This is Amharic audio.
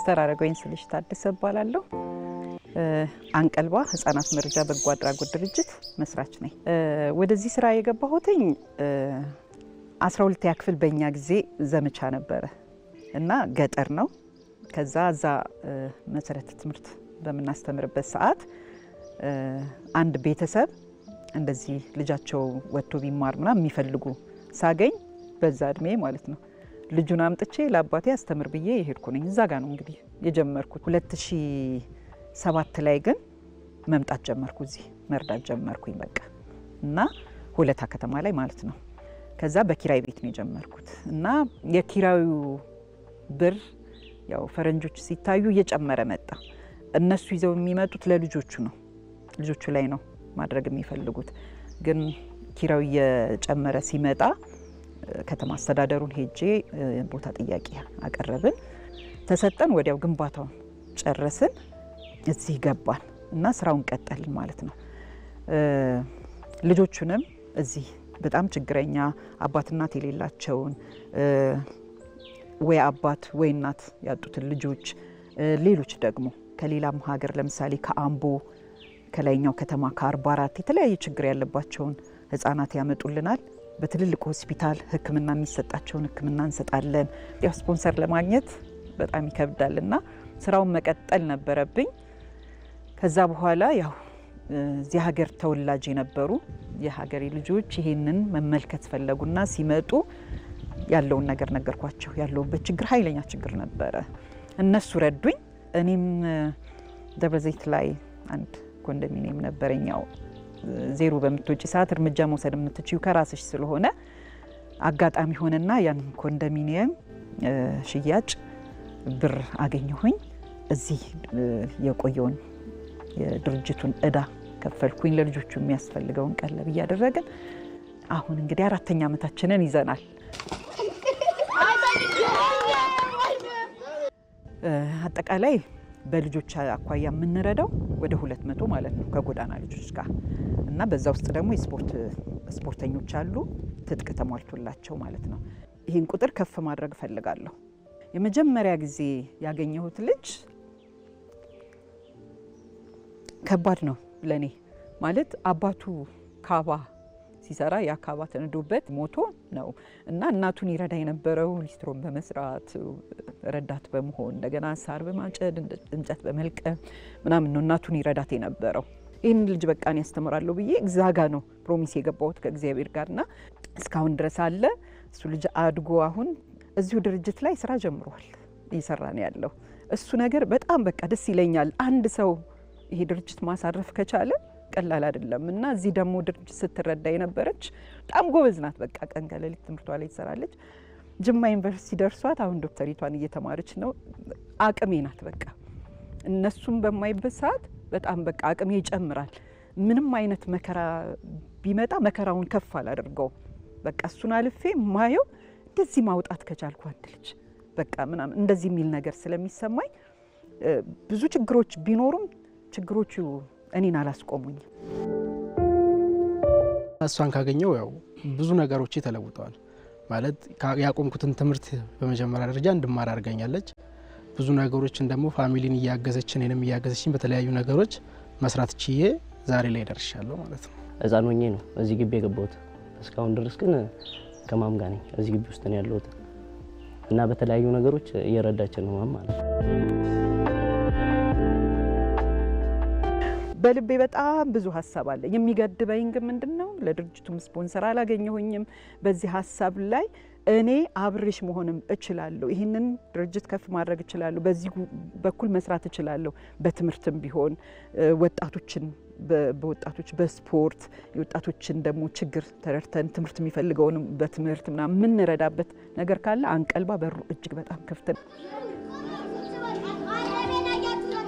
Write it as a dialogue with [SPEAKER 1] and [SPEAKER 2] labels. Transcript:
[SPEAKER 1] ፓስተር አረጋዊን ስልሽ ታደሰ እባላለሁ። አንቀልባ ህጻናት መርጃ በጎ አድራጎት ድርጅት መስራች ነኝ። ወደዚህ ስራ የገባሁትኝ አስራ ሁለተኛ ክፍል በእኛ ጊዜ ዘመቻ ነበረ እና ገጠር ነው። ከዛ እዛ መሰረተ ትምህርት በምናስተምርበት ሰዓት አንድ ቤተሰብ እንደዚህ ልጃቸው ወጥቶ ቢማር ምናምን የሚፈልጉ ሳገኝ በዛ እድሜ ማለት ነው ልጁን አምጥቼ ለአባቴ አስተምር ብዬ የሄድኩ ነኝ። እዛ ጋ ነው እንግዲህ የጀመርኩት። 2007 ላይ ግን መምጣት ጀመርኩ፣ እዚህ መርዳት ጀመርኩኝ በቃ እና ሁለታ ከተማ ላይ ማለት ነው። ከዛ በኪራይ ቤት ነው የጀመርኩት እና የኪራዩ ብር ያው ፈረንጆች ሲታዩ እየጨመረ መጣ። እነሱ ይዘው የሚመጡት ለልጆቹ ነው፣ ልጆቹ ላይ ነው ማድረግ የሚፈልጉት። ግን ኪራዩ እየጨመረ ሲመጣ ከተማ አስተዳደሩን ሄጄ ቦታ ጥያቄ አቀረብን። ተሰጠን። ወዲያው ግንባታውን ጨረስን። እዚህ ገባን እና ስራውን ቀጠልን ማለት ነው። ልጆቹንም እዚህ በጣም ችግረኛ አባትናት የሌላቸውን ወይ አባት ወይ እናት ያጡትን ልጆች፣ ሌሎች ደግሞ ከሌላም ሀገር ለምሳሌ ከአምቦ ከላይኛው ከተማ ከአርባ አራት የተለያየ ችግር ያለባቸውን ህጻናት ያመጡልናል። በትልልቅ ሆስፒታል ህክምና የሚሰጣቸውን ህክምና እንሰጣለን። ያው ስፖንሰር ለማግኘት በጣም ይከብዳል እና ስራውን መቀጠል ነበረብኝ። ከዛ በኋላ ያው እዚህ ሀገር ተወላጅ የነበሩ የሀገሬ ልጆች ይሄንን መመልከት ፈለጉና ሲመጡ ያለውን ነገር ነገርኳቸው። ያለውበት ችግር ኃይለኛ ችግር ነበረ። እነሱ ረዱኝ። እኔም ደብረዘይት ላይ አንድ ኮንዶሚኒየም ነበረኛው ዜሮ በምትወጪ ሰዓት እርምጃ መውሰድ የምትችው ከራስሽ ስለሆነ አጋጣሚ ሆነና ያን ኮንዶሚኒየም ሽያጭ ብር አገኘሁኝ። እዚህ የቆየውን የድርጅቱን እዳ ከፈልኩኝ። ለልጆቹ የሚያስፈልገውን ቀለብ እያደረግን አሁን እንግዲህ አራተኛ ዓመታችንን ይዘናል። አጠቃላይ በልጆች አኳያ የምንረዳው ወደ ሁለት መቶ ማለት ነው ከጎዳና ልጆች ጋር እና በዛ ውስጥ ደግሞ የስፖርት ስፖርተኞች አሉ ትጥቅ ተሟልቶላቸው ማለት ነው። ይህን ቁጥር ከፍ ማድረግ እፈልጋለሁ። የመጀመሪያ ጊዜ ያገኘሁት ልጅ ከባድ ነው ለእኔ ማለት አባቱ ካባ ሲሰራ የአካባ ተነዶበት ሞቶ ነው እና እናቱን ይረዳ የነበረው ሊስትሮን በመስራት ረዳት በመሆን እንደገና ሳር በማጨድ እንጨት በመልቀም ምናምን ነው እናቱን ይረዳት የነበረው። ይህን ልጅ በቃን ያስተምራለሁ ብዬ እዛ ጋ ነው ፕሮሚስ የገባሁት ከእግዚአብሔር ጋርና እስካሁን ድረስ አለ። እሱ ልጅ አድጎ አሁን እዚሁ ድርጅት ላይ ስራ ጀምሯል፣ እየሰራ ነው ያለው። እሱ ነገር በጣም በቃ ደስ ይለኛል። አንድ ሰው ይሄ ድርጅት ማሳረፍ ከቻለ ቀላል አይደለም እና እዚህ ደግሞ ድርጅት ስትረዳ የነበረች በጣም ጎበዝ ናት። በቃ ቀን ከሌሊት ትምህርቷ ላይ ትሰራለች። ጅማ ዩኒቨርሲቲ ደርሷት አሁን ዶክተሪቷን እየተማረች ነው። አቅሜ ናት በቃ እነሱም በማይበት ሰዓት በጣም በቃ አቅሜ ይጨምራል። ምንም አይነት መከራ ቢመጣ መከራውን ከፍ አላደርገው። በቃ እሱን አልፌ ማየው እንደዚህ ማውጣት ከቻልኩ አንድ ልጅ በቃ ምናምን እንደዚህ የሚል ነገር ስለሚሰማኝ ብዙ ችግሮች ቢኖሩም ችግሮቹ እኔን አላስቆሙኝ።
[SPEAKER 2] እሷን ካገኘው ያው ብዙ ነገሮች ተለውጠዋል። ማለት ያቆምኩትን ትምህርት በመጀመሪያ ደረጃ እንድማር አድርገኛለች። ብዙ ነገሮችን ደግሞ ፋሚሊን እያገዘች እኔንም እያገዘችን በተለያዩ ነገሮች መስራት ችዬ ዛሬ ላይ ደርሻለሁ ማለት ነው።
[SPEAKER 3] ሕፃን ሆኜ ነው እዚህ ግቢ የገባሁት። እስካሁን ድረስ ግን ከማም ጋር ነኝ። እዚህ ግቢ ውስጥ ነው ያለሁት እና በተለያዩ ነገሮች እየረዳችን ነው ማለት ነው።
[SPEAKER 1] በልቤ በጣም ብዙ ሀሳብ አለ። የሚገድበኝ ግን ምንድን ነው? ለድርጅቱም ስፖንሰር አላገኘሁኝም። በዚህ ሀሳብ ላይ እኔ አብሬሽ መሆንም እችላለሁ፣ ይህንን ድርጅት ከፍ ማድረግ እችላለሁ፣ በዚህ በኩል መስራት እችላለሁ። በትምህርትም ቢሆን ወጣቶችን በወጣቶች በስፖርት የወጣቶችን ደግሞ ችግር ተረድተን ትምህርት የሚፈልገውንም በትምህርት ምናምን የምንረዳበት ነገር ካለ አንቀልባ በሩ እጅግ በጣም ክፍት ነው።